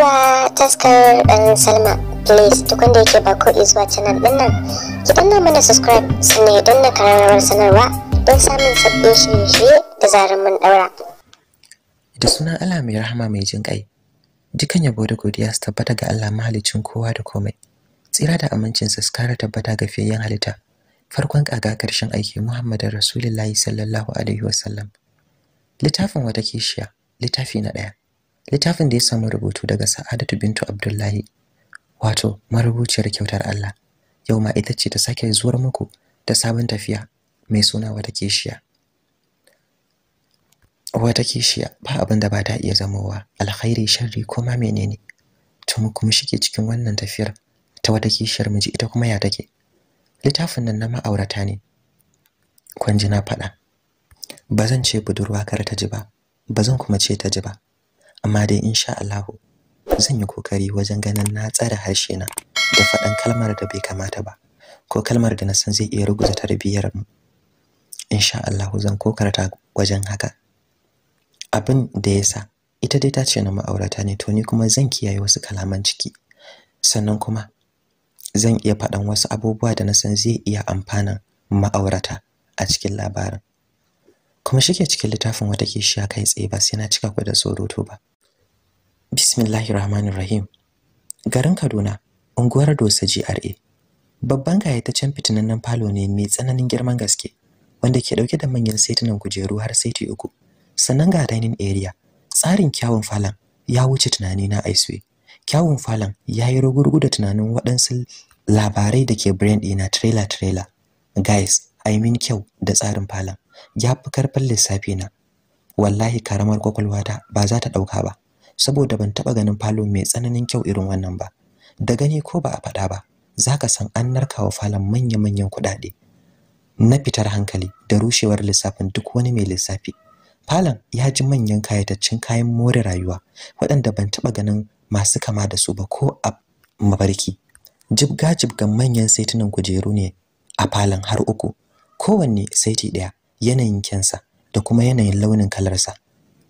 zuwa taskar dan salma please duk wanda yake ba ko zuwa canal din nan ki danna mana subscribe sannan ya danna kararrawar sanarwa don samun sabbin shirye-shirye da zarar mun daura da sunan Allah mai rahama mai jin kai dukan yabo da godiya su tabbata ga Allah mahalicin kowa da komai tsira da amincin sa su kara tabbata ga fiyayyen halitta farkon kaga karshen aiki Muhammadu Rasulullahi sallallahu alaihi wasallam littafin wata kishiya littafi na ɗaya. littafin da ya samu rubutu daga Sa'adatu bintu Abdullahi wato marubuciyar kyautar Allah yau ma ita ce ta sake zuwar muku ta sabon tafiya mai suna wata kishiya. wata kishiya ba abin da ba ta iya zamowa alkhairi sharri ko ma menene to mu kuma ke cikin wannan tafiyar ta wata kishiyar miji ita kuma ya take littafin nan na ma'aurata ne kwanji na faɗa ba zan ce budurwa kar ta ji ba ba zan kuma ce ta ji ba amma dai insha Allah zan yi kokari wajen ganin na tsare harshe na da faɗan kalmar da bai kamata ba ko kalmar da na san zai iya ruguza tarbiyyar mu insha Allah zan kokarta wajen haka abin da yasa ita dai ta ce na ma'aurata ne to ni kuma zan kiyaye wasu kalaman ciki sannan kuma zan iya faɗan wasu abubuwa da na san zai iya amfanan ma'aurata a cikin labarin kuma shike cikin littafin wata kishiya kai tsaye ba sai na cika ku da tsoro to ba Bismillahir Rahmanir Rahim. Garin Kaduna, unguwar Dosa GRA. Babban fitinan nan falo ne mai tsananin girman gaske, wanda ke dauke da manyan saitunan kujeru har saiti uku. Sannan ga dining area. Tsarin kyawun falon ya wuce tunani na Aiswe. Kyawun falon ya yi rugurgu da tunanin waɗansu labarai da ke brand na trailer trailer. Guys, I mean kyau da tsarin falon. Ya fi karfin lissafi Wallahi karamar kwakwalwata ba za ta ɗauka ba. saboda ban taba ganin falon mai tsananin kyau irin wannan ba da gani ko ba a faɗa ba zaka san an narkawa falon manya-manyan kuɗaɗe na fitar hankali da rushewar lissafin duk wani mai lissafi falon ya ji manyan kayataccen kayan more rayuwa waɗanda ban taɓa ganin masu kama da su ba ko a mabarki. jibga jibgan manyan saitunan kujeru ne a falon har uku kowanne saiti ɗaya yanayin kyansa da kuma yanayin launin kalarsa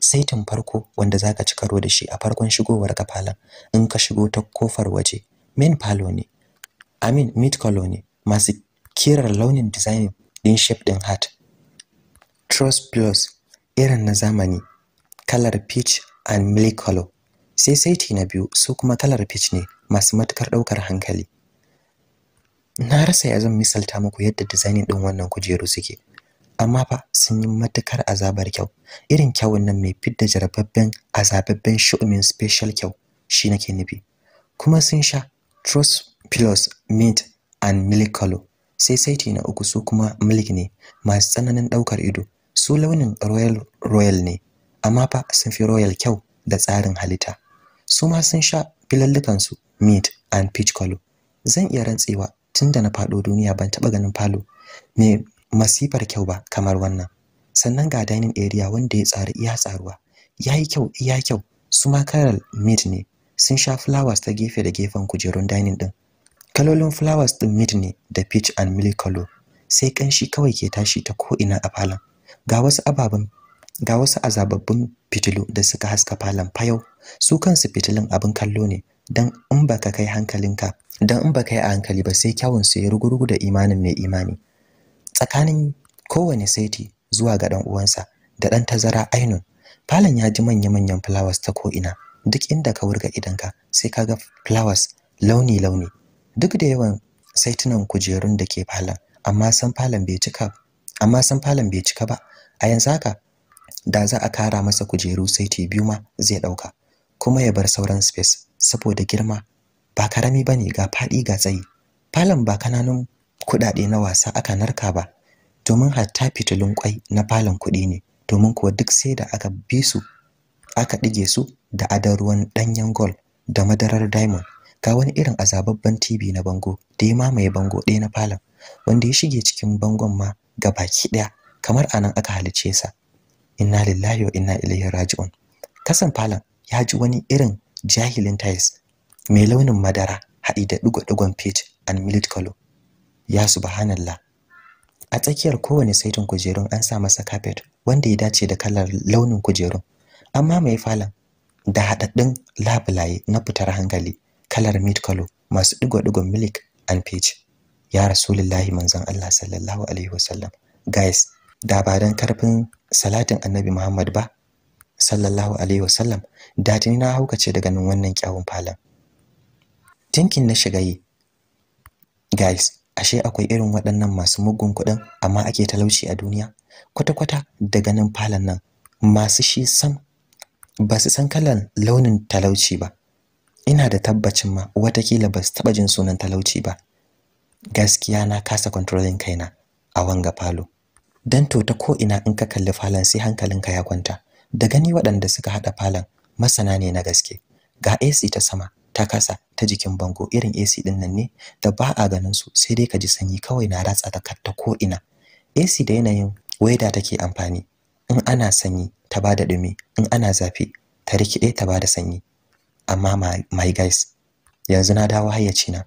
saitin farko wanda zaka ci karo da shi a farkon shigowar ka falon in ka shigo ta kofar waje main palo ne I mean mid color ne masu kirar launin design din shape din hat trust plus irin na zamani kalar peach and milk color sai saiti na biyu su kuma kalar peach ne masu matukar daukar hankali na rasa ya zan misalta muku yadda designin din wannan kujeru suke amma fa sun yi matukar azabar kyau irin kyawun nan mai fidda jarababben azababben shu'umin special kyau shi nake nufi kuma sun sha trust plus mint and milk color sai saiti na uku su kuma milk ne masu tsananin daukar ido su launin royal royal ne amma fa sun fi royal kyau da tsarin halitta su ma sun sha filallukansu mint and peach color zan iya rantsewa tunda na faɗo duniya ban taɓa ganin falo masifar kyau ba kamar wannan sannan ga dining area wanda ya tsari iya tsaruwa yayi kyau iya kyau su ma karal mid ne sun sha flowers ta gefe da gefen kujerun dining din kalolin flowers din mid ne da peach and milk color sai kanshi kawai ke tashi ta ko ina a falon ga wasu ababen ga wasu azababbun fitilu da suka haska falon fayau su kansu fitilun abin kallo ne dan in baka kai hankalinka don in baka yi a hankali ba sai kyawun su ya rugurugu da imanin mai imani tsakanin kowane saiti zuwa ga dan uwansa da dan tazara ainun falon ya ji manya-manyan flowers ta ko'ina duk inda ka wurga idanka sai ka ga flowers launi-launi duk da yawan saitunan kujerun da ke falon amma san falon bai cika amma san bai cika ba a yanzu haka da za a kara masa kujeru saiti biyu ma zai dauka kuma ya bar sauran space saboda girma ba karami bane ga fadi ga tsayi falon ba kananun kuɗaɗe na wasa aka narka ba domin hatta fitilun kwai na falon kuɗi ne domin kuwa duk sai da aka bi su aka ɗige su da adar ruwan ɗanyen gol da madarar diamond ga wani irin azababban TV na bango da ya mamaye bango ɗaya na falon wanda ya shige cikin bangon ma ga baki ɗaya kamar anan aka halice sa inna lillahi wa inna ilaihi raji'un kasan falon ya ji wani irin jahilin tiles mai launin madara haɗi da ɗigo-ɗigon peach and millet color ya subhanallah a tsakiyar kowane saitin kujerun an sa masa carpet wanda ya dace da kalar launin kujerun amma mai falon da hadaddun labulaye na fitar hankali kalar mint color masu digo-digon milk and peach ya rasulullahi manzon Allah sallallahu alaihi wasallam guys da ba dan karfin salatin annabi Muhammad ba sallallahu alaihi wasallam da tuni na haukace daga nan wannan kyawun falon tinkin na shigayi guys ashe akwai irin waɗannan masu mugun kuɗin amma ake talauci a duniya kwata-kwata da ganin falon nan masu shi sam ba su san kalan launin talauci ba ina da tabbacin ma watakila ba su taɓa jin sunan talauci ba gaskiya na kasa kontrolin kaina a wanga falo dan to ta ko ina in ka kalli falon sai hankalinka ya kwanta da gani waɗanda suka haɗa falon masana ne na gaske ga AC ta sama ta kasa ta jikin bango irin AC din nan ne da ba a ganin su sai dai ka ji sanyi kawai na ratsa ta katta ko ina AC da yanayin weda take amfani in ana sanyi ta bada dumi in ana zafi ta rikide ta bada sanyi amma my, guys yanzu na dawo hayyaci na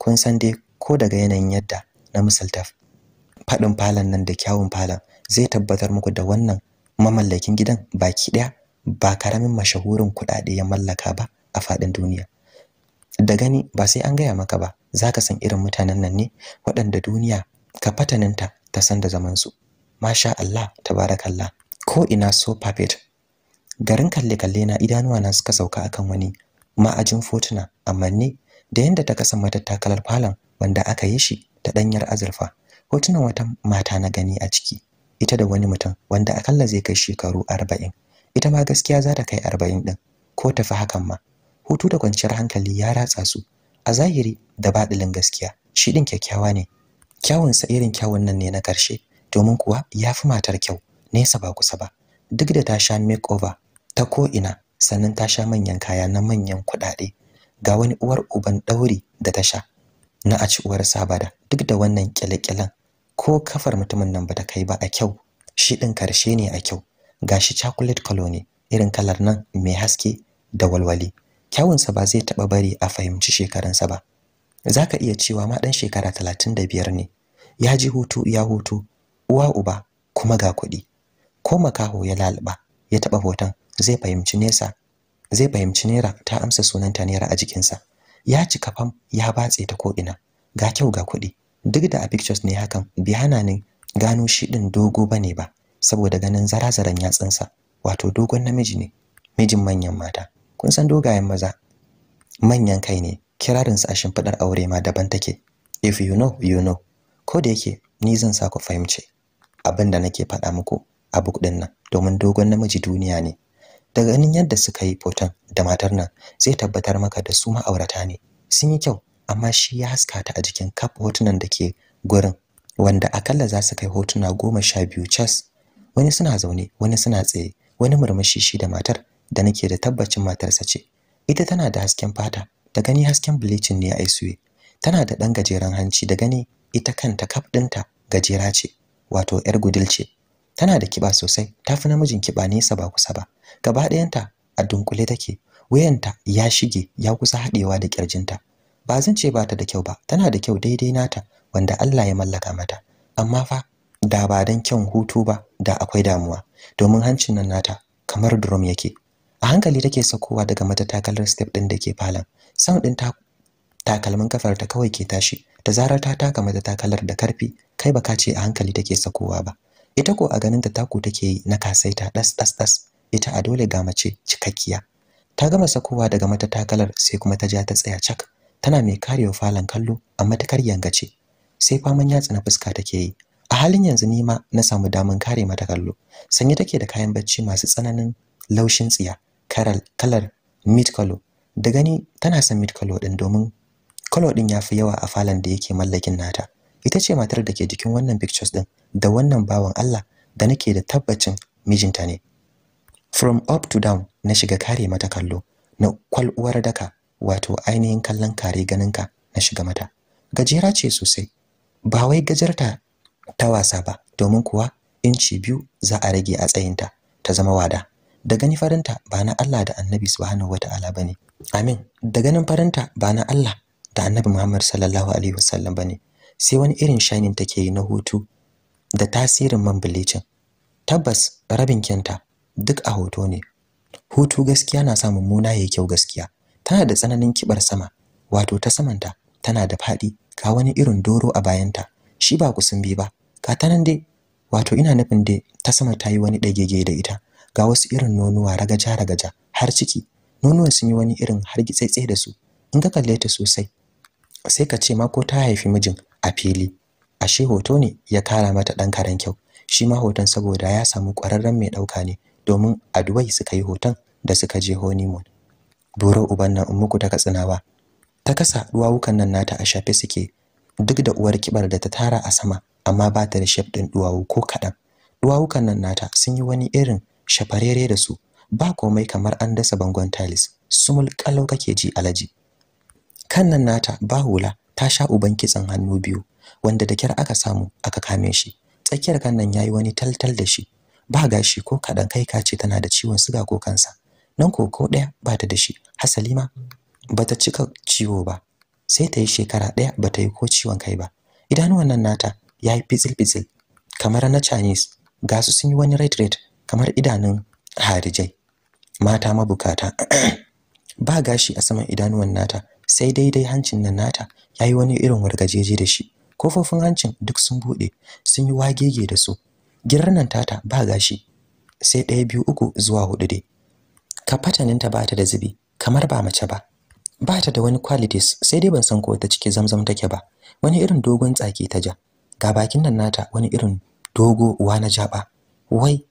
kun san dai ko daga yanayin yadda na misalta fadin falon nan da kyawun falon zai tabbatar muku da wannan mamallakin gidan baki daya ba karamin mashahurin kudade ya mallaka ba a fadin duniya da gani ba sai an gaya maka ba za ka san irin mutanen nan ne waɗanda duniya ka fataninta ta san da zaman su masha Allah tabarakallah ko ina so perfect garin kalle kalle na idanuwa na suka sauka akan wani ma'ajin fotuna amma ne da yanda ta kasa mata takalar falon wanda aka yi shi ta danyar azurfa hotunan wata mata na gani a ciki ita da wani mutum wanda akalla zai kai shekaru 40 ita ma gaskiya za ta kai 40 din ko tafi hakan ma hutu da kwanciyar hankali ya ratsa su a zahiri da baɗilin gaskiya shi ɗin kyakkyawa ne kyawunsa irin kyawun nan ne na ƙarshe domin kuwa ya fi matar kyau nesa ba kusa ba duk da ta sha makeover ta ko'ina sannan ta sha manyan kaya na manyan kuɗaɗe ga wani uwar uban ɗauri da ta sha na a ci uwar sabada duk da wannan kyale ko kafar mutumin nan ba ta kai ba a kyau shi ɗin karshe ne a kyau gashi chocolate color ne irin kalar nan mai haske da walwali kyawunsa ba zai taɓa bari a fahimci shekarunsa ba zaka iya cewa ma ɗan shekara talatin da biyar ne ya ji hutu ya hutu uwa uba kuma ga kuɗi ko makaho ya lalba ya taɓa hoton zai fahimci nesa zai fahimci naira ta amsa sunanta naira a jikinsa ya cika fam ya batse ta ko ina ga kyau ga kuɗi duk da a pictures ne hakan bi hana ni gano shi ɗin dogo bane ba saboda ganin zarazaran yatsansa wato dogon namiji ne mijin manyan mata kun san dogayen maza manyan kai ne kirarin su a shimfidar aure ma daban take if you know you know ko da yake ni zan sa ku fahimce abin da nake faɗa muku a buk din nan domin dogon namiji duniya ne daga ganin yadda suka yi foton da matar nan zai tabbatar maka da su ma'aurata ne sun yi kyau amma shi ya haska ta a jikin kaf hotunan da ke gurin wanda akalla za su kai hotuna goma sha biyu cas wani suna zaune wani suna tsaye wani murmushi shi da matar da nake da tabbacin matarsa ce ita tana da hasken fata da gani hasken bleaching ne a isuwe tana da ɗan gajeren hanci da gani ita kanta kaf ɗinta gajera ce wato yar gudilce ce tana da kiba sosai tafi namijin kiba nesa ba kusa ba gaba ɗayanta a dunkule take wayanta ya shige ya kusa haɗewa da ƙirjinta. ba zan ce ba ta da kyau ba tana da kyau daidai nata wanda Allah ya mallaka mata amma fa da ba dan kyan hutu ba da akwai damuwa domin hancin nan nata kamar drum yake a hankali take sakowa daga matatakalar step din da ke falon sound din ta takalmin kafar ta kawai ke tashi da zarar ta taka takalar da karfi kai baka ce a hankali take sakowa ba ita ko a ganin ta taku take yi na kasaita das das das ita a dole ga mace cikakkiya ta gama sakowa daga mata takalar sai kuma ta ja ta tsaya cak tana mai karewa falon kallo amma ta yangace ce sai faman yatsa na fuska take yi a halin yanzu nima na samu damun kare mata kallo sanye take da kayan bacci masu tsananin laushin tsiya kalar mid color da gani tana son mid color din domin color din fi yawa a falon da yake mallakin nata ita ce matar da ke jikin wannan pictures din da wannan bawan Allah da nake da tabbacin mijinta ne from up to down na shiga kare mata kallo na kwalwar daka wato ainihin kallon kare ganinka na shiga mata gajera ce sosai ba wai gajarta ta wasa ba domin kuwa inci biyu za a rage a tsayinta ta zama wada da gani farinta ba na Allah da Annabi subhanahu wata'ala bane amin da ganin farinta ba na Allah da Annabi Muhammad sallallahu alaihi wasallam bane sai wani irin shanin take yi na hutu da tasirin man bilicin tabbas rabin kyanta duk a hoto ne hutu gaskiya na sa mummuna yayi kyau gaskiya tana da tsananin kibar sama wato ta samanta tana da fadi ka wani irin doro a bayanta shi ba kusun bi ba ka tanan dai wato ina nufin dai ta sama ta yi wani dagege da ita ga wasu irin nonuwa ragaja-ragaja har ciki nonuwan sun yi wani irin hargitsaitse da su in ka kalle ta sosai sai ka ce ma ko ta haifi mijin a fili ashe hoto ne ya kara mata dan karan kyau shi ma hoton saboda ya samu kwararren mai ɗauka ne domin a Dubai suka yi hoton da suka je honeymoon buru uban nan in muku ta katsinawa ta kasa duwawukan nan nata a shafe suke duk da uwar kibar da ta tara a sama amma ba ta da shef din duwawu ko kaɗan, duwawukan nan nata sun yi wani irin shafarere da su ba komai kamar an dasa bangon tiles sumul kalau kake ji alaji kan nan nata ba hula ta sha uban kitsan hannu biyu wanda da kyar aka samu aka kame shi tsakiyar kannan ya yayi wani taltal da shi ba gashi ko kadan kai kace tana da ciwon suga ko kansa nan koko daya ba ta da shi hasali Ba ta cika ciwo ba sai ta yi shekara daya ta yi ko ciwon kai ba idanuwan nan nata yayi fitsil fitsil kamar na Chinese gasu sun yi wani red red kamar idanun harijai mata mabukata ba gashi a saman idanuwan nata sai dai hancin nan nata yayi wani irin wargajeje da shi kofofin hancin duk sun bude sun yi wagege da su girnan tata ba gashi sai ɗaya biyu uku zuwa hudu dai kafataninta ba ta da zubi kamar ba mace ba ba ta da wani qualities sai dai ban san ko ta cike zamzam take ba wani irin dogon tsaki ta ja ga bakin nan nata wani irin dogo wa na jaba wai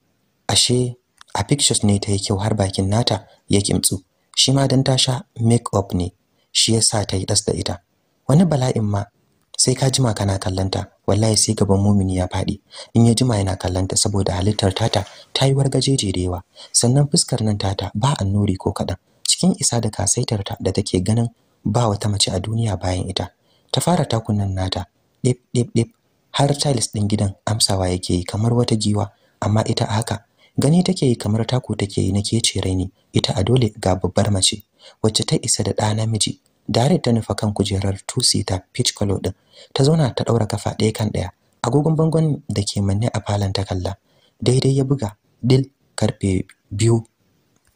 ashe a pictures ne ta yi kyau har bakin nata ya kimtsu shi ma dan tasha make up ne shi yasa ta yi das da ita wani bala'in ma sai ka jima kana kallanta wallahi sai gaban mumini ya fadi in ya jima yana kallanta saboda halittar tata ta yi wargajeje da yawa sannan fuskar nan tata ba annuri ko kaɗan. cikin isa da kasaitar ta da take ganin ba wata mace a duniya bayan ita ta fara takunan nata dip dip dip har tiles din gidan amsawa yake yi kamar wata giwa amma ita haka gani take yi kamar taku take yi nake ce raini ita a dole ga babbar mace wacce ta isa da ɗa namiji dare ta nufa kan kujerar tusi ta peach color din ta zauna ta daura kafa ɗaya kan ɗaya agogon bangon da ke manne a falon ta kalla daidai ya buga dil karfe biyu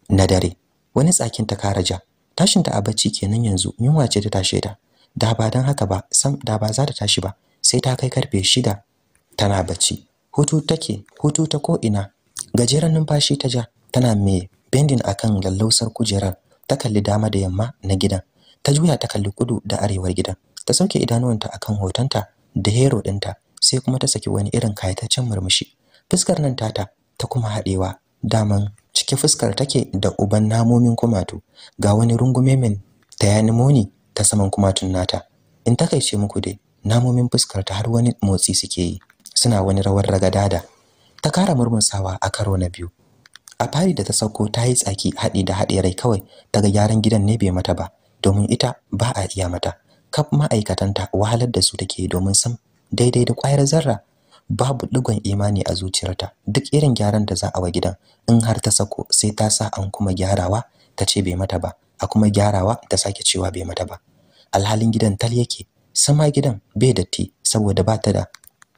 na dare wani tsakin ta karaja tashin ta a bacci kenan yanzu yunwa ce ta tashe ta da ba dan haka ba sam da ba za ta tashi ba sai ta kai karfe shida tana bacci hutu take hutu ta ko ina gajeren numfashi ta ja tana mai bending akan lallausar kujerar ta kalli dama da yamma na gidan ta juya ta kalli kudu da arewar gidan ta sauke idanuwanta akan hotonta da hero dinta sai kuma ta saki wani irin kayataccen murmushi fuskar nan tata ta kuma haɗewa daman cike fuskar take da uban namomin kumatu ga wani rungume min tayanimoni ta saman kumatun nata in takaice muku dai namomin fuskar ta har wani motsi suke yi suna wani rawar ragadada ta kara murmusawa a karo na biyu a fari da ta sauko ta yi tsaki haɗi da haɗe rai kawai daga gyaran gidan ne bai mata ba domin ita ba a iya mata kaf ma'aikatanta wahalar da su take domin sam daidai da kwayar zarra babu ɗigon imani a zuciyarta duk irin gyaran da za a wa gidan in har ta sako sai ta sa an kuma gyarawa ta ce bai mata ba a kuma gyarawa ta sake cewa bai mata ba alhalin gidan tal yake sama gidan bai datti saboda ba ta da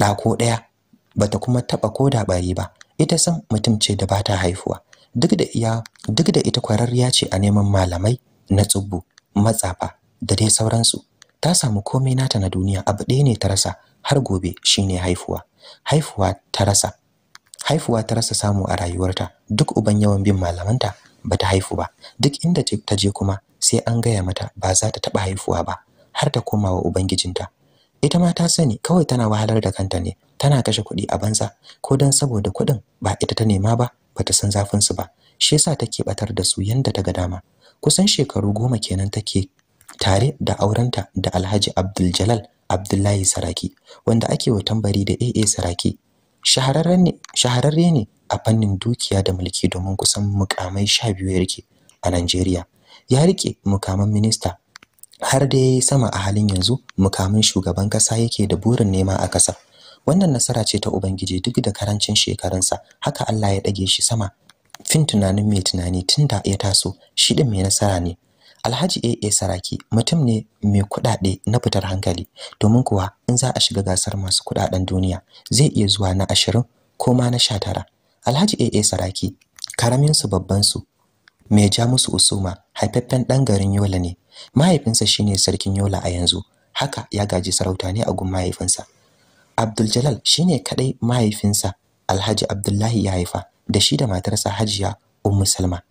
ɗako ɗaya bata kuma taba koda bari ba ita san mutum ce da bata haifuwa duk da iya duk da ita kwararriya ce a neman malamai na tsubbu matsafa da dai sauransu ta samu komai nata na duniya abu ɗaya ne ta rasa har gobe shine haifuwa haifuwa ta rasa haifuwa ta rasa samu a rayuwarta duk uban yawan bin malamanta bata haifu ba duk inda ta je kuma sai an gaya mata ba za ta taba haifuwa ba har ta komawa ubangijinta ita ma ta sani kawai tana wahalar da kanta ne tana kashe kuɗi a banza ko don saboda kuɗin ba ita ta nema ba bata san zafin su ba shi yasa take batar da su yanda ta ga dama kusan shekaru goma kenan take tare da aurenta da Alhaji Abdul Jalal Abdullahi Saraki wanda ake wa tambari da AA Saraki shahararre ne a fannin dukiya da mulki domin kusan mukamai 12 ya rike a Najeriya ya rike mukaman minista har da yayi sama a halin yanzu mukamin shugaban kasa yake da burin nema a kasa wannan nasara ce ta ubangiji duk da karancin shekarunsa haka Allah ya dage shi sama fin tunanin mai tunani tunda ya taso shi din mai nasara ne Alhaji AA Saraki mutum ne mai kuɗaɗe na fitar hankali domin kuwa in za a shiga gasar masu kuɗaɗen duniya zai iya zuwa na 20 ko ma na 19 Alhaji AA Saraki karamin su babban su mai ja musu usuma haifaffen dan garin Yola ne mahaifinsa shine sarkin yola a yanzu haka ya gaji sarauta ne a gun mahaifinsa abdul jalal shine kadai mahaifinsa alhaji abdullahi ya haifa da shi da matarsa hajiya ummu salma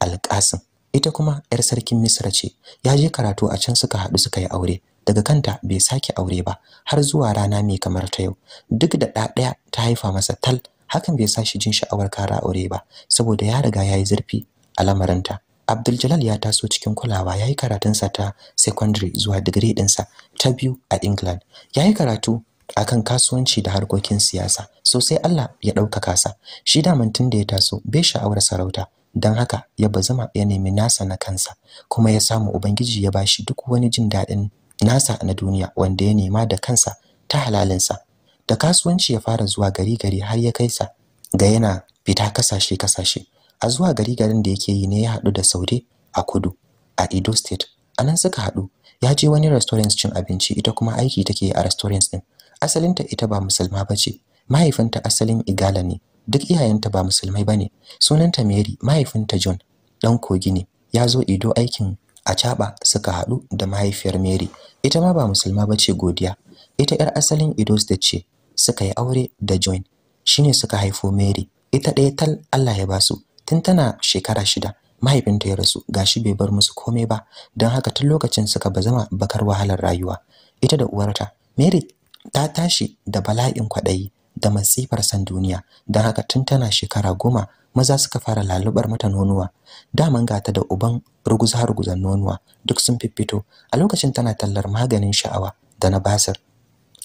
Alqasim ita kuma yar sarkin misra ce ya je karatu a can suka haɗu suka yi aure daga kanta bai sake aure ba har zuwa rana mai kamar ta yau duk da da ɗaya ta haifa masa tal hakan bai sa shi jin sha'awar kara aure ba saboda ya riga yayi zurfi a lamarinta Abdul ya taso cikin kulawa yayi karatunsa ta secondary zuwa degree ɗinsa ta biyu a England. Yayi karatu akan kasuwanci da harkokin siyasa. So sai Allah ya ɗaukaka sa. Shi daman tun da ya taso bai sha'awar sarauta dan haka ya bazama ya nemi nasa na kansa kuma ya samu Ubangiji ya bashi duk wani jin daɗin nasa na duniya wanda ya nema da kansa ta halalinsa. Da kasuwanci ya fara zuwa gari gari har ya kai sa ga yana fita kasashe kasashe a zuwa gari garin da yake yi ne ya haɗu da saude a kudu a edo state a nan suka haɗu ya je wani restaurant cin abinci ita kuma aiki take a restaurant ɗin. asalinta ita ba musulma ba ce mahaifinta asalin igala ne duk iyayenta ba musulmai ba ne sunanta mary mahaifinta john ɗan kogi ne ya zo ido aikin a caɓa suka haɗu da mahaifiyar mary ita ma ba musulma ba ce godiya ita 'yar asalin ido state ce suka yi aure da john shine suka haifo mary ita ɗaya tal allah ya basu tun tana shekara shida mahaifinta ya rasu gashi bai bar musu komai ba don haka tun lokacin suka bazama bakar wahalar rayuwa ita da uwarta Mary ta tashi da bala'in kwaɗayi da masifar san duniya don haka tun tana shekara goma maza suka fara lalubar mata nonuwa daman gata da uban ruguza-ruguzan nonuwa duk sun fiffito a lokacin tana tallar maganin sha'awa da na basir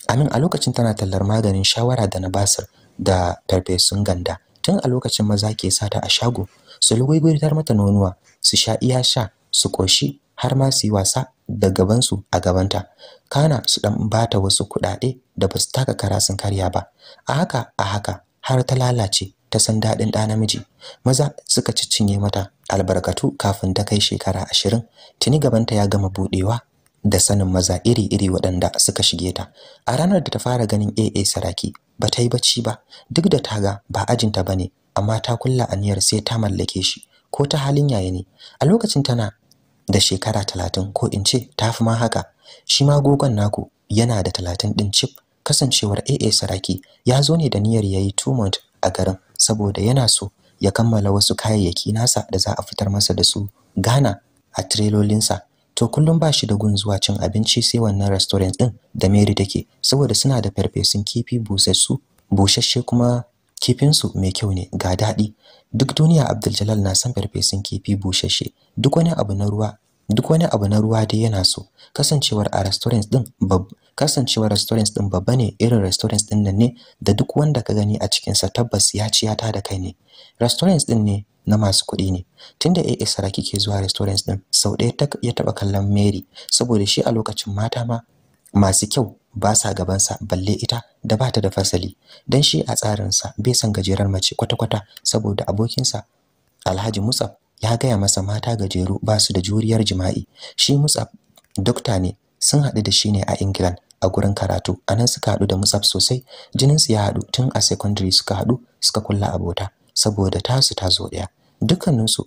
amin a lokacin tana tallar maganin shawara da na basir da farfesun ganda tun a lokacin maza ke sata a shago su lugwaigwaitar mata nonuwa su sha iya sha su koshi har ma su yi wasa da gabansu a gabanta kana su dan bata wasu kuɗaɗe da basu taka kara sun karya ba a haka a haka har ta lalace ta san daɗin ɗa namiji maza suka ciccinye mata albarkatu kafin ta kai shekara ashirin tuni gabanta ya gama buɗewa da sanin maza iri-iri waɗanda suka shige ta a ranar da ta fara ganin AA Saraki ba ta yi bacci ba duk da taga ba ajinta ba ne amma ta kulla aniyar sai ta mallake shi ko ta halin yaya ne a lokacin tana da shekara talatin ko in ce ta fi ma haka shi ma gogon naku yana da talatin ɗin cif kasancewar AA Saraki ya zo ne da niyyar yayi yi tumont a garin saboda yana so ya kammala wasu kayayyaki nasa da za a fitar masa da su Ghana a trelolinsa to kullum ba shi da gun zuwa cin abinci sai wannan restaurant din da Mary take saboda suna da farfesun kifi busassu busasshe kuma kifinsu mai kyau ne ga daɗi duk duniya Abdul na san farfesun kifi busasshe duk wani abu na ruwa duk wani abu na ruwa dai yana so kasancewar a restaurant din kasancewar restaurant din babba ne irin restaurant din nan ne da duk wanda ka gani a cikin sa tabbas ya ci ta da kai ne restaurant din ne na masu kuɗi ne tunda AA Saraki ke zuwa restaurants din sau ɗaya ya taɓa kallon Mary saboda shi a lokacin mata ma masu kyau ba sa gabansa balle ita da bata da fasali dan shi a tsarinsa bai san gajerar mace kwata-kwata saboda abokinsa Alhaji Mutsaf ya gaya masa mata gajeru ba su da juriyar jima'i shi Mutsaf dokta ne sun haɗu da shi ne a England a gurin karatu anan suka haɗu da Mutsaf sosai jininsu ya haɗu tun a secondary suka haɗu suka kulla abota saboda tasu ta zo ɗaya dukkaninsu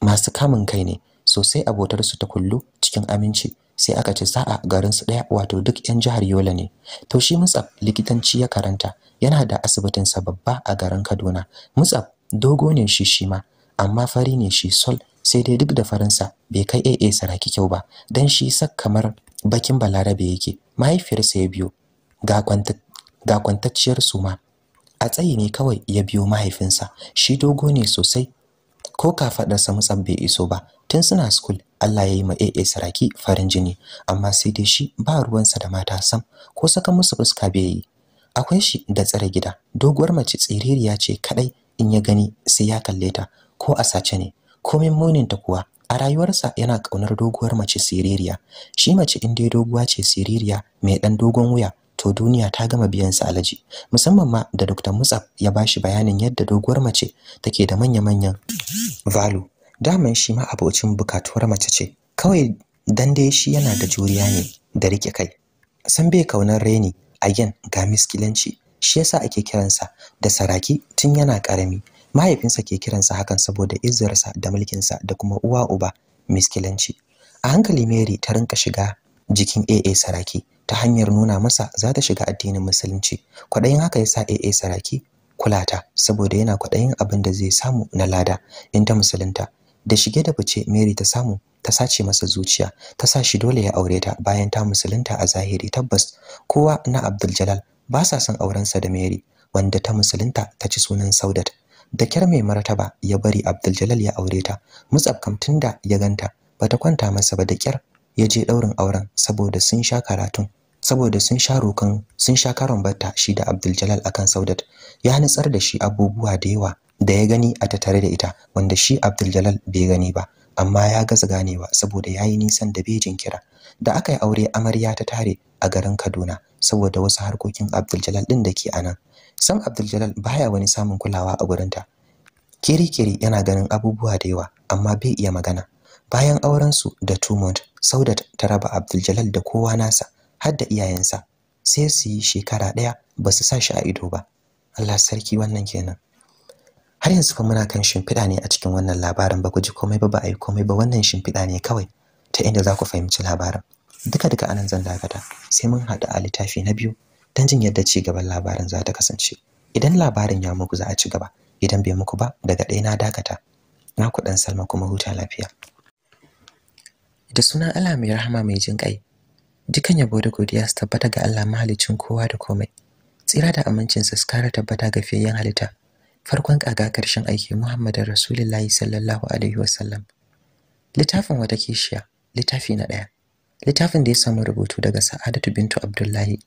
masu kamun kai ne sosai abotarsu ta kullu cikin aminci sai aka ce sa'a garinsu ɗaya wato duk 'yan jihar yola ne to shi mutsaf likitanci ya karanta yana da asibitin sa babba a garin kaduna mutsaf dogo ne shi shi ma amma fari ne shi sol sai dai duk da faransa bai kai AA saraki kyau ba dan shi sak kamar bakin balarabe yake mahaifiyarsa ya biyo ga kwantacciyar ma. a tsayi ne kawai ya biyo mahaifinsa shi dogo ne sosai ko kafadarsa mutsab bai iso ba tun suna school Allah ya yi ma AA saraki farin jini amma sai dai shi ba ruwansa da mata sam ko saka musu fuska bai yi akwai shi da tsare gida doguwar mace tsiririya ce kadai in ya gani sai ya kalle ta ko a sace ne komin munin ta kuwa a rayuwarsa yana kaunar doguwar mace siririya shi mace in dai doguwa ce siririya mai dan dogon wuya to duniya ta gama biyan sa alaji musamman ma da Dr. Musab ya bashi bayanin yadda doguwar mace take da manya-manyan valu daman shi ma abocin bukatuwar mace ce kawai dan dai shi yana da juriya ne da rike kai san bai kaunar reni again ga miskilanci shi yasa ake kiransa da saraki tun yana karami mahaifinsa ke kiransa hakan saboda izzarsa da mulkinsa da kuma uwa uba miskilanci a hankali Mary ta rinka shiga jikin AA saraki ta hanyar nuna masa za ta shiga addinin musulunci kwaɗayin haka ya sa AA saraki kulata saboda yana kwaɗayin abin da zai samu na lada in ta musulunta da shige da fice Mary ta samu ta sace masa zuciya ta sa shi dole ya aure ta bayan ta musulunta a zahiri tabbas kowa na Abdul Jalal ba sa son aurensa da Mary wanda ta musulunta ta ci sunan Saudat da kyar mai martaba ya bari Abdul Jalal ya aure ta musabkam tunda ya ganta bata kwanta masa ba da kyar ya je daurin auren saboda sun sha karatun saboda sun sha rokan sun sha karon batta shi da Abdul Jalal akan Saudat ya nutsar da shi abubuwa da yawa da ya gani a tattare da ita wanda shi Abdul Jalal bai gani ba amma ya gaza ganewa saboda yayi nisan da bejin kira da aka yi aure amarya ta tare a garin Kaduna saboda wasu harkokin Abdul Jalal din da ke anan sam Abdul Jalal baya wani samun kulawa a gurinta kiri-kiri yana ganin abubuwa da yawa amma bai iya magana bayan auren su da Tumont Saudat ta raba Abdul Jalal da kowa nasa har da iyayensa sai su yi shekara ɗaya ba su sa shi a ido ba Allah sarki wannan kenan har yanzu fa muna kan shimfiɗa ne a cikin wannan labarin ba ku ji komai ba ba a yi komai ba wannan shimfiɗa ne kawai ta inda za ku fahimci labarin duka duka anan zan dakata sai mun haɗu a littafi na biyu don jin yadda ci gaban labarin za ta kasance idan labarin ya muku za a ci gaba idan bai muku ba daga ɗaya na dakata na ku ɗan salma kuma huta lafiya da suna Allah mai rahama mai jin ƙai dukan yabo da godiya su tabbata ga Allah mahaliccin kowa da komai tsira da amincin sa kara tabbata ga fiyayyen halitta farkon kaga karshen aiki Muhammadu Rasulullahi sallallahu alaihi wasallam littafin wata kishiya littafi na daya littafin da ya samu rubutu daga Sa'adatu bintu Abdullahi